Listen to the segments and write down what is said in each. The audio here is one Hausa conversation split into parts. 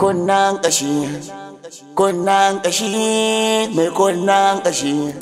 kunnan kashi kunnan kashi mai kunnan kashi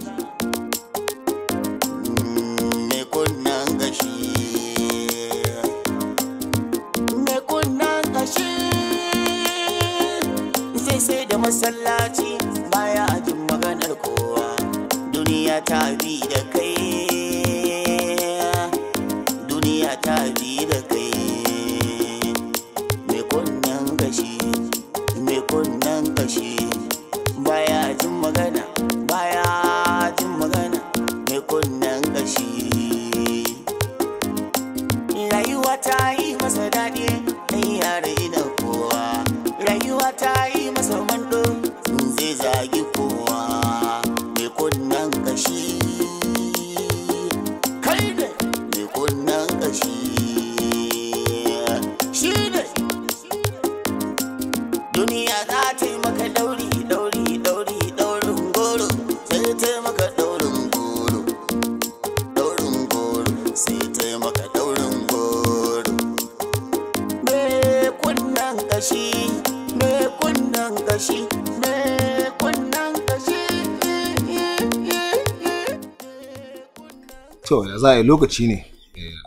za a yi lokaci ne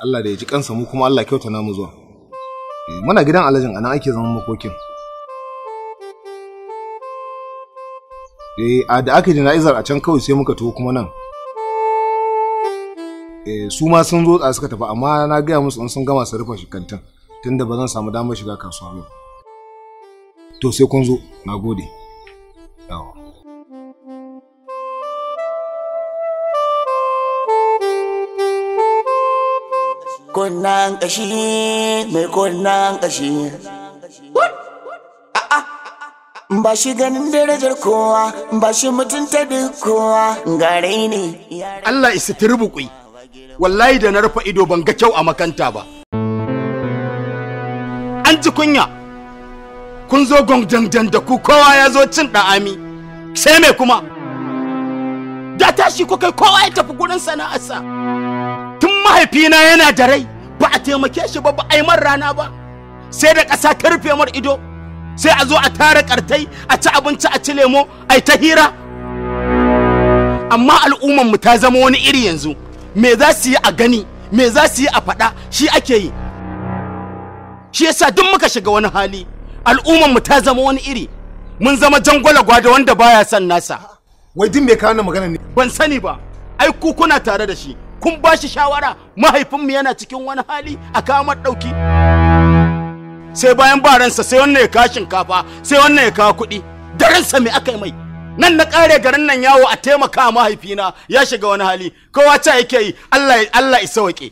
Allah da ya ji kansa mu kuma Allah kyauta mu zuwa eh, muna gidan alajin anan ake zaman makokin eh, a da aka na'izar a can kawai sai muka taho kuma nan eh, su ma sun zo suka tafi amma na gaya musu in sun gama su rufe kantin tunda ba zan samu damar shiga kasuwa ba to sai kun zo na gode yawa kunnan kashi mai kunnan kashi ba shi ganin darajar kowa ba shi mutunta duk kowa gare ne Allah isi turbukui wallahi da na rufe ido ban ga kyau a makanta ba an ji kunya kun zo dang da ku kowa ya zo cin ɗa'ami sai mai kuma da tashi ku kai kowa ya tafi gurin sana'arsa mahaifina yana da rai ba a taimake shi ba ba a yi rana ba sai da ƙasa ta rufe mar ido sai a zo a tara ƙartai a ci abinci a ci lemo a ta hira amma al'umman mu ta zama wani iri yanzu me za su yi a gani me za su yi a faɗa shi ake yi shi yasa duk muka shiga wani hali al'ummarmu ta zama wani iri mun zama jangwala gwada wanda baya son nasa wai duk me kawo magana ne ban sani ba ai ku kuna tare da shi kun ba shi shawara mahaifinmu yana cikin wani hali a kamar ɗauki sai bayan ba ransa sai wannan ya kawo shinkafa sai wannan ya kawo kuɗi da ransa me aka yi mai nan na kare garin nan yawo a taimaka mahaifina ya shiga wani hali kowa ta yake yi Allah Allah isa waƙe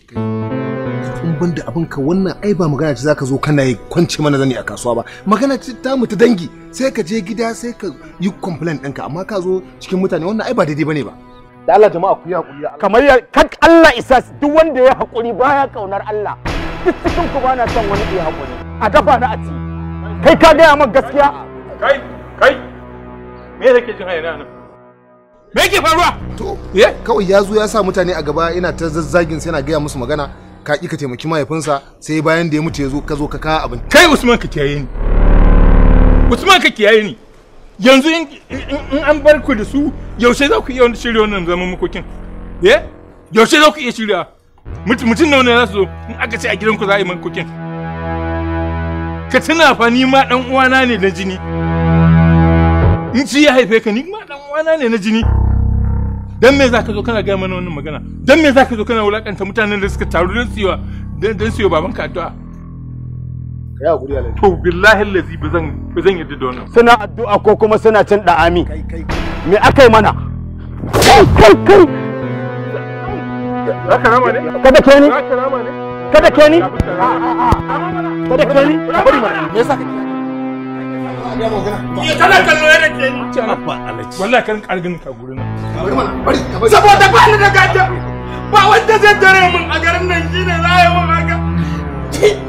in ban da ka wannan ai ba magana ce zaka zo kana yi kwance mana zani a kasuwa ba magana ce ta mutu dangi sai ka je gida sai ka yi complain ɗinka amma ka zo cikin mutane wannan ai ba daidai bane ba da Allah jama'a ku yi hakuri da Allah kamar ya kan Allah isa duk wanda ya hakuri baya kaunar Allah duk cikin ku bana son wani ya hakuri a dafa na a ci kai ka gaya min gaskiya kai kai me yake jin hayana nan me yake faruwa to kawai ya zo ya sa mutane a gaba yana ta zazzagin sai yana gaya musu magana ka ki ka taimaki mahaifinsa sai bayan da ya mutu ya zo ka zo ka kawo abin kai Usman ka kiyaye ni Usman ka kiyaye ni yanzu in an bar ku da su yaushe za ku iya shirya wannan zaman makokin ya eh? yaushe za ku iya shirya mutum nawa ne za su zo in aka ce a gidanku za a yi makokin ka tuna fa ni ma dan uwana ne na jini in ci ya haife ka ni ma dan uwana ne na jini dan me za ka zo kana gaya mana wannan magana dan me za ka zo kana wulakanta mutanen da suka taru don siyo don siyo babanka addu'a kai hakuri alai to billahi allazi bazan bazan yadda da wannan suna addu'a ko kuma suna cin da kai kai me akai mana kai kai kai rama ne kada ke ni rama ne kada ke ni kada ke ni bari mana me yasa Ya Wallahi kan ka Saboda ba ni da Ba wanda zai a garin nan shine za a yi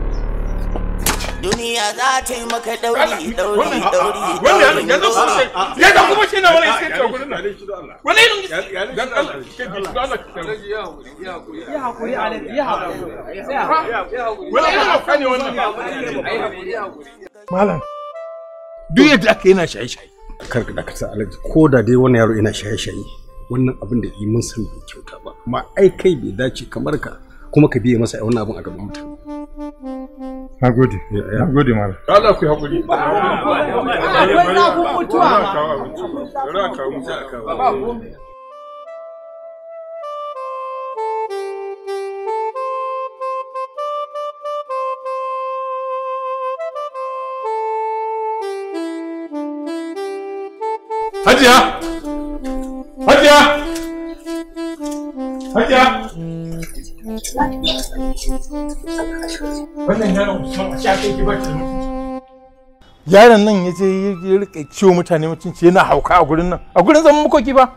duniya za ta yi maka dauri dauri dauri dauri ya da kuma shi ne wani iske ta gudun wani irin iske ya hakuri ya hakuri ya hakuri wani irin hauka ne wannan malam duk yadda aka yana shaye-shaye kar ka dakata alaji ko da dai wani yaro yana shaye-shaye wannan abin da yi mun san bai kyauta ba ma ai kai bai dace kamar ka kuma ka biye masa a wannan abin a gaban mutane Na gode. Na gode mara. Allah ku na ku mutuwa. Ba Hajiya! Hajiya! Hajiya! yaron nan ya je ya rika ciwo mutane mutunci yana hauka a gurin nan. A gurin zaman makoki ba.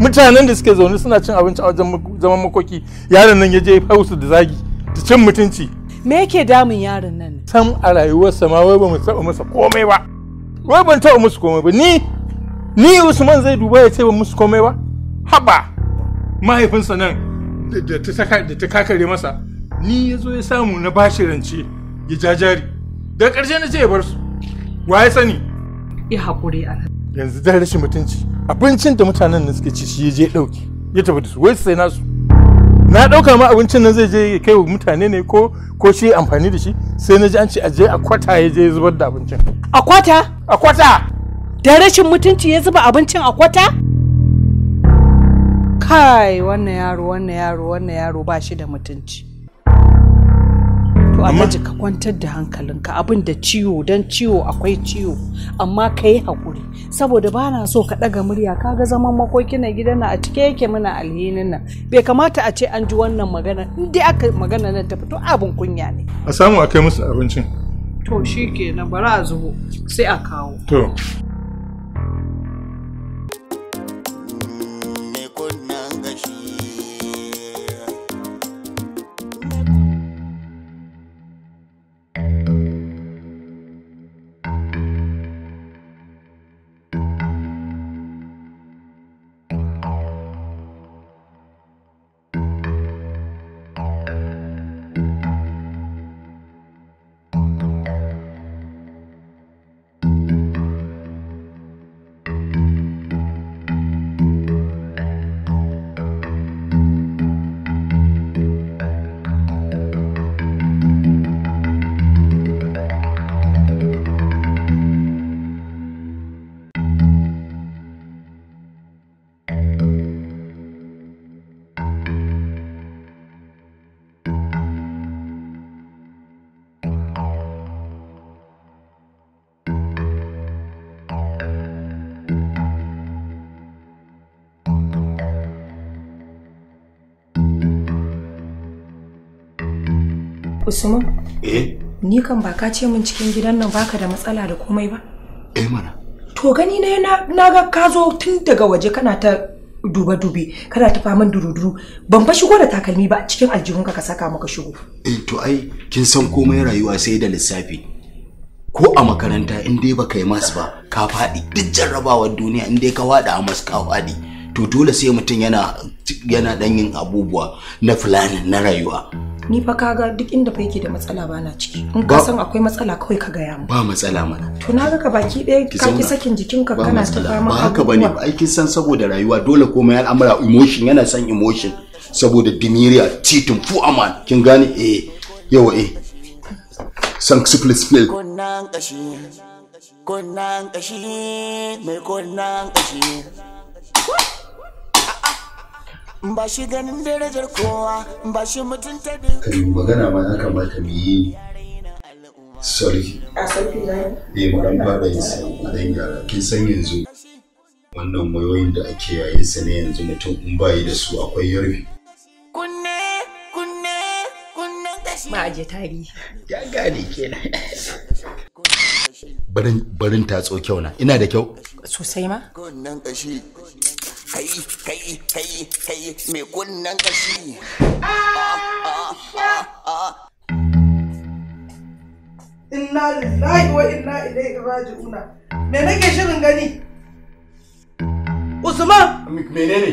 Mutanen da suke zaune suna cin abinci a wajen zaman makoki yaron nan ya je ya da zagi da cin mutunci. Me yake damun yaron nan? Sam a rayuwarsa ma wai ba mu taɓa masa komai ba. Wai ban taɓa musu komai ba ni ni Usman zai duba ya ce ba musu komai ba. Haba mahaifinsa nan da ta kakare masa ni ya zo ya samu na bashi rance ya jajari da ƙarshe na ce ya bar su wa ya sani ya haƙuri nan. yanzu dan rashin mutunci abincin da mutanen nan suke ci shi ya je ɗauki ya tafi da su wai sai nasu na ɗauka ma abincin nan zai je ya kai wa mutane ne ko ko shi amfani da shi sai na ji an ce a je a kwata ya je ya zubar da abincin a kwata a kwata da rashin mutunci ya zuba abincin a kwata kai wannan yaro wannan yaro wannan yaro ba shi da mutunci to daji ka kwantar da hankalinka abin da ciwo don ciwo akwai ciwo amma ka yi haƙuri saboda ba na so ka ɗaga murya ka ga zaman makoki na gidan na a cike yake mana alhinin nan bai kamata a ce an ji wannan magana in dai aka magana nan ta fito abin kunya ne a samu a kai musu abincin to shi ke na bara a zubo sai a kawo to Usman? Eh? Ni kan ba ka ce min cikin gidan nan baka da matsala da komai ba? Eh mana. To gani ne na ga ka zo tun daga waje kana ta duba dube kana ta faman duruduru ban fa shigo da takalmi ba cikin aljihun ka ka saka maka shigo eh to ai kin san komai rayuwa sai da lissafi ko a makaranta in dai baka yi masu ba ka faɗi duk jarrabawar duniya in dai ka wada a masu ka faɗi to dole sai mutum yana yana dan yin abubuwa na fulani na rayuwa ni fa kaga duk inda fa yake da matsala bana ciki in ka san akwai matsala kawai ka gaya mu ba matsala mana to na ga baki ɗaya ka ki sakin ka kana ta fama ba haka bane ai kin san saboda rayuwa dole komai al'amura emotion yana san emotion saboda dimiriya titin fu aman kin gane eh yawa eh san syphilis play kunnan kashi kunnan kashi mai kunnan kashi ba shi ganin darajar kowa ba shi mutunta da yi magana ma ya kamata mu yi sarki a sarki na eh mu dan fada yin sai a dan yara kin san yanzu wannan mayoyin da ake yayin sa ne yanzu mutum in ba yi da su akwai yarfi kunne kunne kunne kashi ma je tari ya gane kenan barin barin ta tso kyau na ina da kyau sosai ma kashi kai kai kai kai mai kunnan kashi inna lillahi wa inna ilaihi raji'una me nake shirin gani Usman menene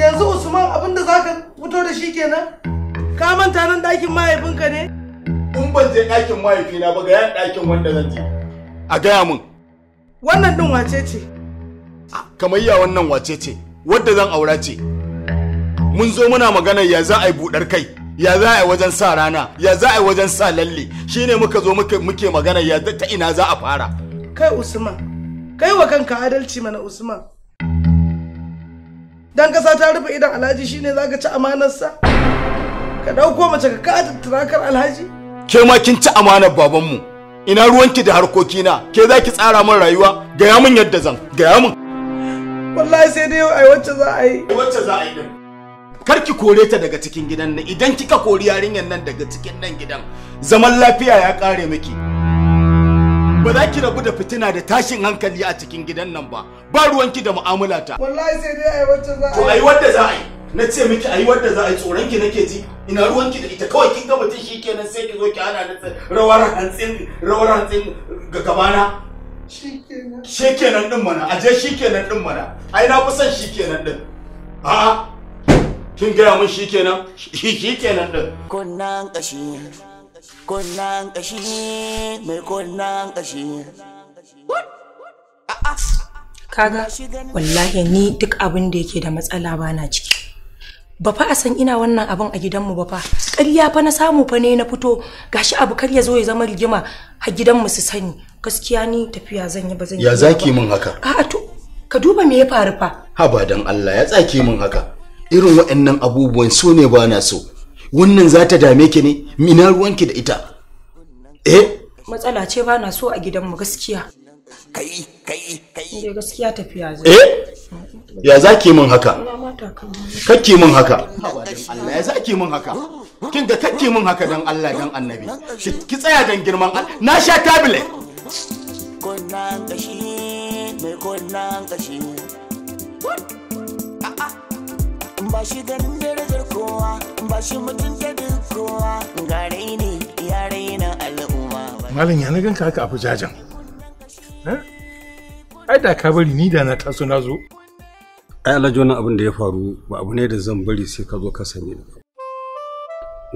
yanzu Usman abinda zaka fito da shi kenan ka manta nan ɗakin mahaifinka ne in ban je ɗakin mahaifina ba ga yan ɗakin wanda zan je a gaya min wannan din wace ce kamayya wannan wace ce wadda zan aura ce mun zo muna magana ya za a yi budar kai ya za a yi wajen sa rana ya za a yi wajen sa lalle shine muka zo muke magana ya ta ina za a fara kai usman kai wa kanka adalci mana usman dan kasa ta rufe idan alhaji shine ka ci amanarsa ka dauko mace ka ka turakar alhaji ke ma kin ci amanar babanmu ina ruwanki da harkokina ke za ki tsara min rayuwa gaya min yadda zan gaya min wallahi sai dai ai wacce za a yi wacce za a yi din kar ki kore ta daga cikin gidan nan idan kika kori yarinyar nan daga cikin nan gidan zaman lafiya ya kare miki ba za ki rabu da fitina da tashin hankali a cikin gidan nan ba ba ruwanki da mu'amala ta wallahi sai dai ai wacce za a yi to ai wanda za a yi na ce miki ai wanda za a yi tsoron ki nake ji ina ruwan ki da ita kawai kin ga mutum kenan sai ki zo ki hana ni rawar hantsin rawar hantsin ga gabana shikenan din mana aje shikenan din mana ai na kusan shikenan din a'a kin gaya mun shikenan shikenan din kunnan kashi kunnan kashi mai kunnan kashi kaga wallahi ni duk abin da yake da matsala bana ciki ba fa a san ina wannan abin a gidanmu ba fa ƙarya fa na samu fa ne na fito gashi abu kar ya zo ya zama rigima a gidanmu su sani gaskiya ni tafiya zan yi ba zan yi ya zaki min haka a'a to ka duba me ya faru fa ha ba dan Allah ya tsaki min haka irin waɗannan abubuwan so ne ba na so wannan za ta dame ki ne mina ruwanki da ita eh matsala ce ba na so a gidanmu gaskiya kai kai kai gaskiya tafiya zan eh ya zaki min haka kake min haka Allah ya zaki min haka kin ga kake min haka dan Allah dan annabi ki tsaya dan girman na sha tablet kunnan kashi mai kunnan kashi ba shi ba ya nagan ka haka a fujajen eh? ai da ka bari ni da na taso na zo ai alhaji wannan abin da ya faru ba abu ne da zan bari sai ka zo ka sani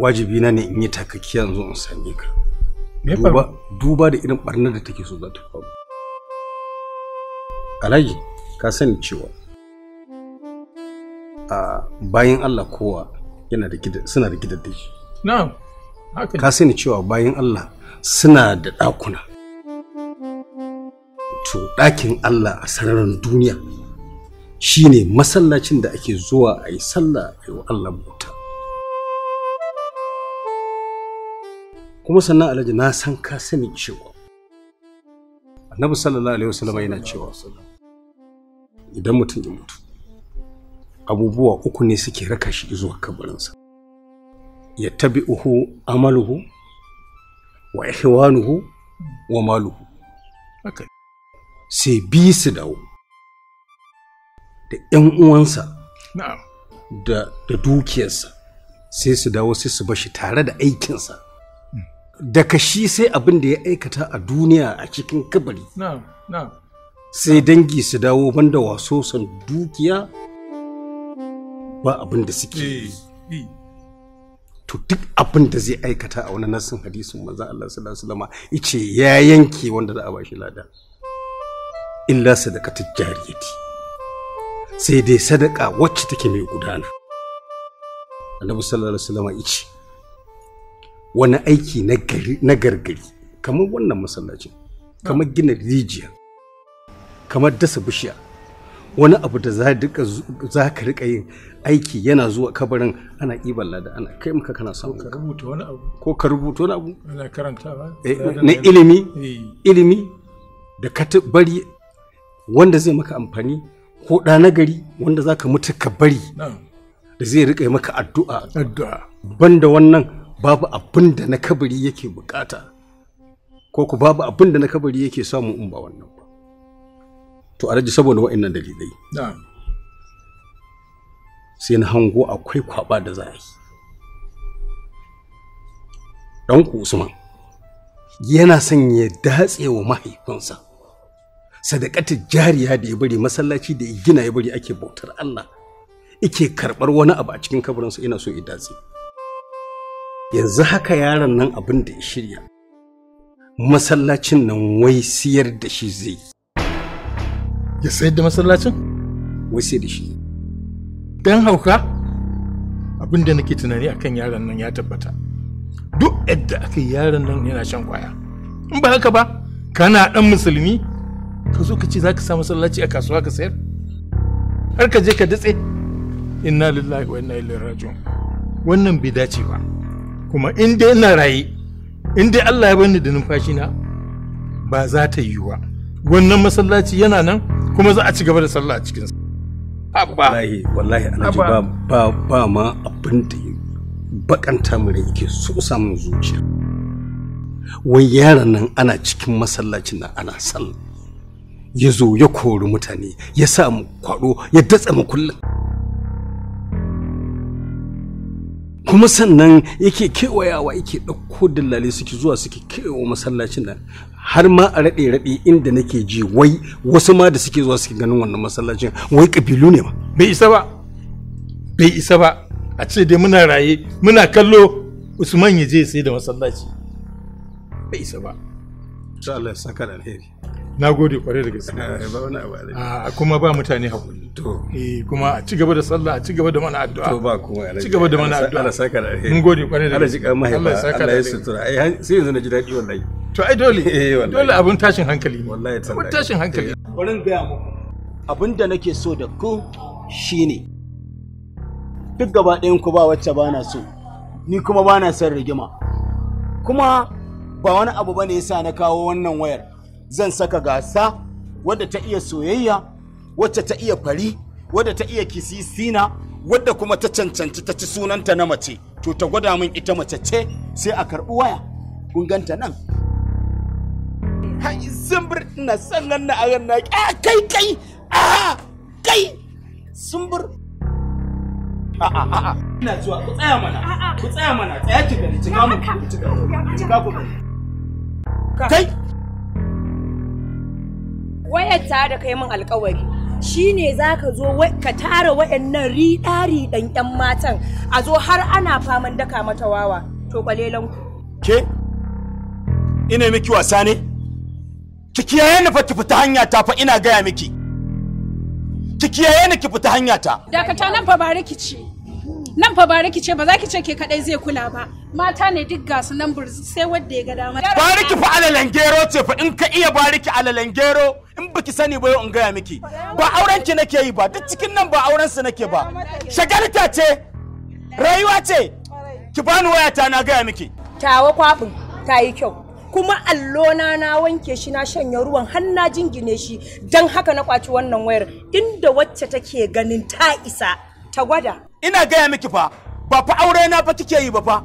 wajibi na ne in yi takakki yanzu in sani ka duba duba da irin barnar da take so za ta faru alhaji ka sani cewa a bayan Allah kowa yana da gidan suna da gidan na'am haka ka sani cewa bayan Allah suna da ɗakuna to ɗakin Allah a sararin duniya shine masallacin da ake zuwa a yi sallah a yi wa Allah kuma sannan alhaji na san ka sani cewa annabi sallallahu alaihi wasallam yana cewa idan mutum ya mutu abubuwa uku ne suke raka shi zuwa kabarinsa ya tabi uhu amaluhu wa ihwanuhu wa maluhu sai bi su dawo da ‘yan uwansa da dukiyarsa sai su dawo sai su bashi tare da aikinsa daga shi sai abin da ya aikata a duniya a cikin kabari sai dangi su dawo banda waso san dukiya ba abin da suke eh, to duk abin da zai aikata a wani nassin hadisin maza Allah sallallahu alaihi wasallam yace ya yanke wanda za a bashi lada illa sadaqatu jariyati sai dai sadaka wacce take mai gudana annabi sallallahu alaihi wasallam yace wani aiki na gargari kamar wannan masallacin kamar gina rijiya kamar dasa bishiya wani abu da za ka rika yin aiki yana zuwa kabarin ana ibala da ana kai maka kana samun ka rubuta wani abu ko ka rubuta wani abu ana karantawa eh, na ilimi eh. ilimi da ka bari wanda zai maka amfani ko da na gari wanda za ka mutu ka bari da zai rika maka addu'a addu'a banda wannan babu abin da na kabari yake bukata ko ku babu abin da na kabari yake samu in ba wannan ba to alhaji saboda wa'annan dalilai sai na hango akwai kwaba da za a yi ku usman yana son ya datse wa mahaifinsa sadakatar jariya da ya bari masallaci da ya gina ya bari ake bautar allah ike karɓar wani abu a cikin kabarinsa ina so ya datse yanzu haka yaron nan abin da ya shirya masallacin nan wai siyar da shi zai ya sayar da masallacin wai sai da shi don hauka abin da nake tunani akan yaron nan ya tabbata duk yadda aka yi yaron nan yana shan kwaya in ba haka ba kana dan musulmi ka zo ka ce zaka sa masallaci a kasuwa ka sayar har ka je ka datse inna lillahi wa inna ilaihi raji'un wannan bai dace ba kuma in dai ina raye in dai Allah ya bani da numfashi na ba za ta yi wa wannan masallaci yana nan kuma za a ci gaba da sallah a cikin wallahi wallahi alhaji ba ba ba ma abin da bakanta mu rai yake so samun zuciya wai yaran nan ana cikin masallacin nan ana sallah ya zo ya kori mutane ya sa mu kwaro ya datsa mu kullum kuma sannan yake kewayawa yake ɗauko dillali suke zuwa suke kewa masallacin nan har ma a raɗe-raɗe inda nake ji wai wasu ma da suke zuwa suke ganin wannan masallacin wai ƙabilu ne ba bai isa ba bai isa ba a ce dai muna raye muna kallo usman ya je sai da masallaci bai isa ba Allah ya saka da alheri na gode kwarai da gaske eh, ah, kuma ba mutane hakuri eh kuma a cigaba da sallah a cigaba da mana addu'a to ba kuma a cigaba da mana addu'a Allah saka da mun gode kwarai da gaske Allah saka Allah ya sutura ai sai yanzu na ji daɗi wallahi to ai dole eh, dole abun tashin hankali ne wallahi abun tashin hankali eh. bari ga mu muku da nake so da ku shine duk gaba ɗayan ku ba wacce ba na so ni kuma ba na son rigima kuma ba wani abu bane yasa na kawo wannan wayar zan saka gasa wadda ta iya soyayya wacce ta iya fari wadda ta iya kisisina wadda kuma ta cancanci ta ci sunanta na mace to ta gwada min ita mace ce sai a karɓi waya kun ganta nan hai zumbur na sannan na agan na kai kai a kai zumbur ah, ah, ah, ina zuwa ku tsaya mana ku tsaya mana tsaya ki gani ki gamu ki gamu kai wayar ta da kai min alkawari shine zaka zo ka tara wayannan riɗa ɗan 'yan matan a zo har ana faman daka mata wawa to kwalelan ku ke ina miki wasa ne ki kiyaye ni fa ki fita hanya ta fa ina gaya miki ki kiyaye ni ki fita hanya ta dakata nan fa ba rikici nan fa bariki ce ba za ki ce ke kadai zai kula ba mata ne duk gasu nan burzi sai wanda ya ga dama bariki fa alalangero gero ce fa in ka iya bariki alalangero gero in baki sani ba yau in gaya miki ba auren ki nake yi ba duk cikin nan ba auren su nake ba shagalta ce rayuwa ce ki bani wayata na gaya miki tawa kwafin ta yi kyau kuma allona na wanke shi na shanya ruwan har na jingine shi don haka na kwaci wannan wayar inda wacce take ganin ta isa ta gwada ina gaya miki fa ba fa aure na fa kike yi ba fa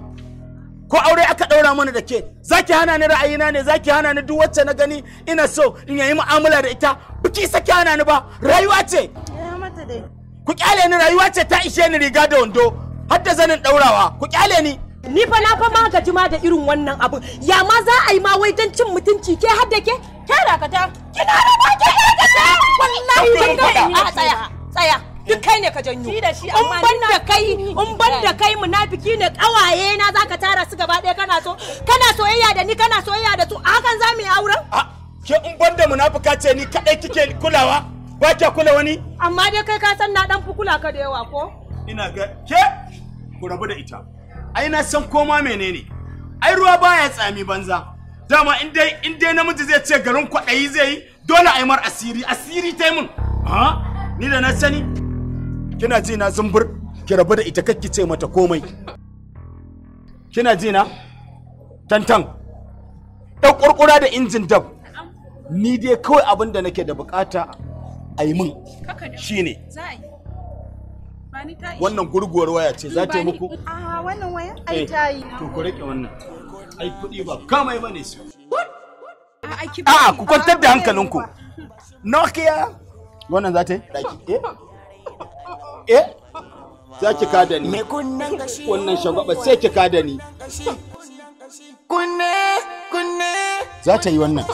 ko aure aka daura mana da ke zaki hana ni ra'ayina ne zaki hana ni duk wacce na gani ina so in yayi mu'amala da ita biki saki hana ni ba rayuwa ce ku kyale ni rayuwa ce ta ishe ni riga da wando har da zanin daurawa ku kyale ni ni fa na fa ma ma da irin wannan abu ya ma za a yi ma wai don cin mutunci ke har da ke ke da ka ta kina da ke ke da ta wallahi tsaya tsaya duk kai ne ka janyo ni da da kai in ban da kai munafiki ne kawaye na zaka tara su gaba ɗaya kana so kana soyayya da ni kana soyayya da su hakan za mu yi auren ah, ke in ban da munafika ce ni kadai kike kulawa ba kya kula wani amma dai kai ka san na dan fi kula ka da yawa ko ina ga ke ku rabu da ita ai na san koma menene ai ruwa baya tsami banza dama in dai in dai namiji zai ce garin kwaɗayi zai yi dole a yi mar asiri asiri ta yi mun ha ah, ni da na sani kina ji na zumbur ki rabu da ita kakki ce mata komai kina ji na tantan ɗan ƙurƙura da injin dab ni dai kawai abin da nake da bukata a yi min shine wannan gurguwar waya ce za ta yi muku wannan waya ai eh, ta yi to ku rike wannan ai kuɗi ba kamai ba ne su a'a ku kwantar da hankalinku nokia wannan za ta yi eh? eh za ki da ni wannan shagwaba sai ki da ni za ta yi wannan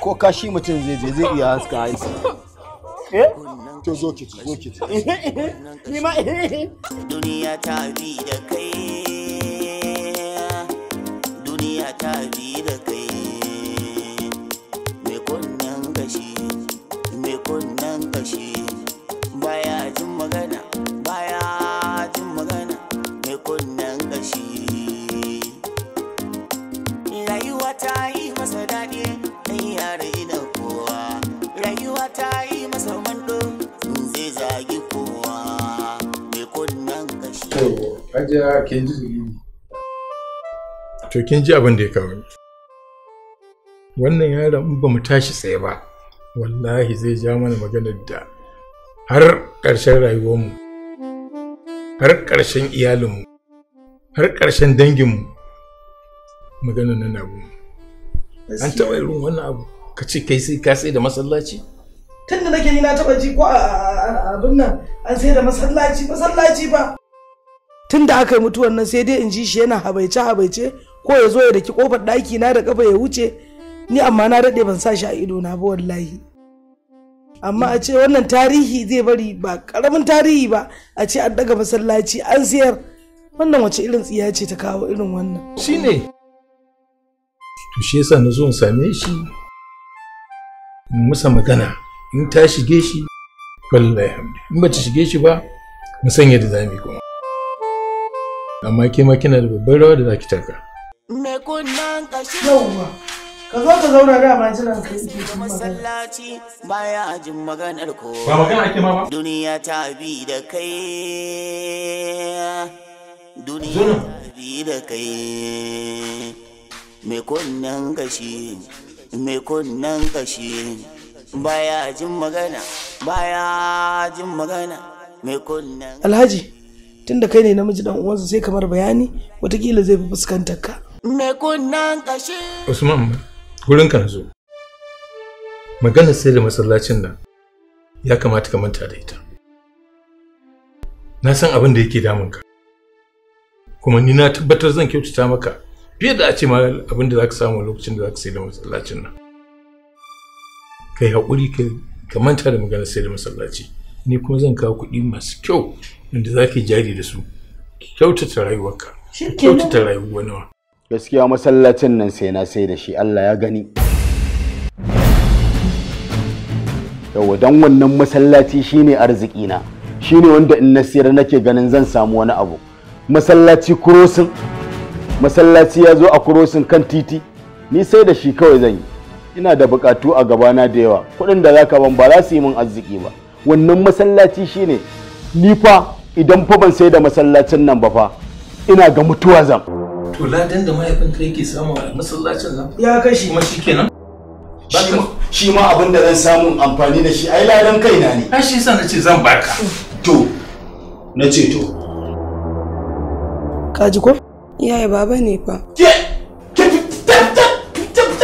ko kashi mutum zai iya haska duniya ta bi da kai kin ji to kin ji abin da ya kawo wannan yaron in ba mu tashi tsaye ba wallahi zai ja mana magana da har ƙarshen rayuwarmu har ƙarshen iyalinmu har ƙarshen danginmu maganar nan abu an taɓa irin wannan abu ka ce kai sai ka sai da masallaci tun da nake ni na taɓa ji ko a abin nan an sai da masallaci masallaci ba tun da aka yi mutuwan nan sai dai in ji shi yana habaice habaice ko ya zo ya daki kofar ɗaki na da kafa ya wuce ni amma na daɗe ban sa shi a ido na ba wallahi amma a ce wannan tarihi zai bari ba karamin tarihi ba a ce an daga masallaci an siyar wannan wace irin tsiya ce ta kawo irin wannan shine to shi yasa na zo in same shi in musa magana in ta shige shi wallahi in ba ta shige shi ba mu sanya da zamu kuma amma ke ma kina da babbar rawa da za ki taka. Me Yawwa. Ka zo ka zauna da ma jiran kai ke masallaci baya jin maganar ko. Ba magana ake ma ba. Duniya ta bi da kai. Duniya ta bi da kai. Me kunnan kashi. Me kunnan kashi. Baya jin magana. Baya jin magana. Me kunnan. Alhaji. tunda kai ne namiji dan uwansa sai kamar bayani watakila zai fi fuskantar ka me kunnan kashi usman gurin ka zo magana sai da masallacin nan ya kamata ka manta da ita na san abin da yake damun ka kuma ni na tabbatar zan kyautata maka fiye da a ce ma abin da za ka samu lokacin da za ka sai da masallacin nan kai haƙuri ka manta da maganar sai da masallaci ni kuma zan kawo kuɗi masu kyau inda za ki jari da su kyautata rayuwarka kyautata rayuwar nawa. gaskiya masallacin nan sai na sai da shi Allah ya gani yawa don wannan masallaci shine arziki na shine wanda in na siyar nake ganin zan samu wani abu masallaci kurosin masallaci ya zo a kurosin kan titi ni sai da shi kawai zan yi ina da bukatu a gabana da yawa kuɗin da zaka ban ba za su yi min arziki ba wannan masallaci shine ni fa idan fa ban sai da masallacin nan ba fa ina ga mutuwa zam to ladan da mahaifin mahaifinka yake samu a masallacin nan ya kai shi ma shikenan shi ma abin da zan samu amfani da shi ai ladan kai na ne ai shi yasa na ce zan baka to na ce to kaji ko iyaye baba ne fa ke ke fita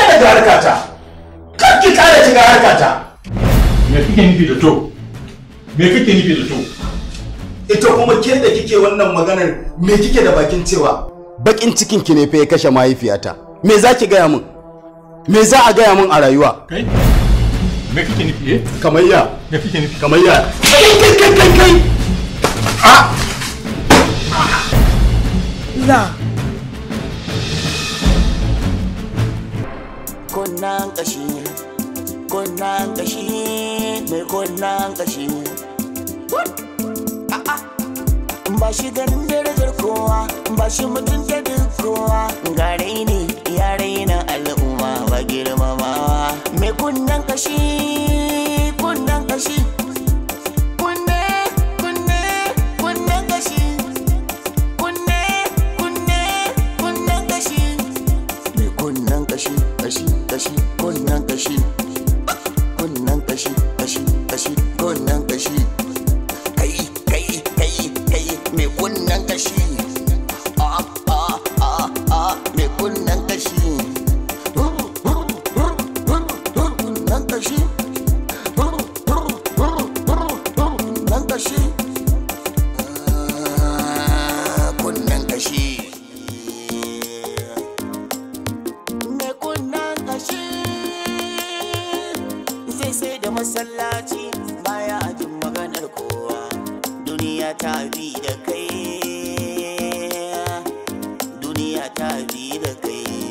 daga harkata kar ki kara shiga harkata me kike nufi da to me kake nufi da to ita kuma ke da kike wannan maganar me kike da bakin cewa bakin cikin ki ne fa ya kashe mahaifiyata me za ki gaya min me za a gaya min a rayuwa kai me kike nufi eh kamar ya me kike nufi kamar ya kai kai kai kai kai a la kunnan kashi kunnan kashi me kunnan kashi Ah, ah. ba shi ganin darajar kowa ba shi mutunta duk kowa garai ne yare na al'umma ba girmamawa me kunnen kashi masallaci baya jin maganar kowa duniya ta bi da kai duniya ta bi da kai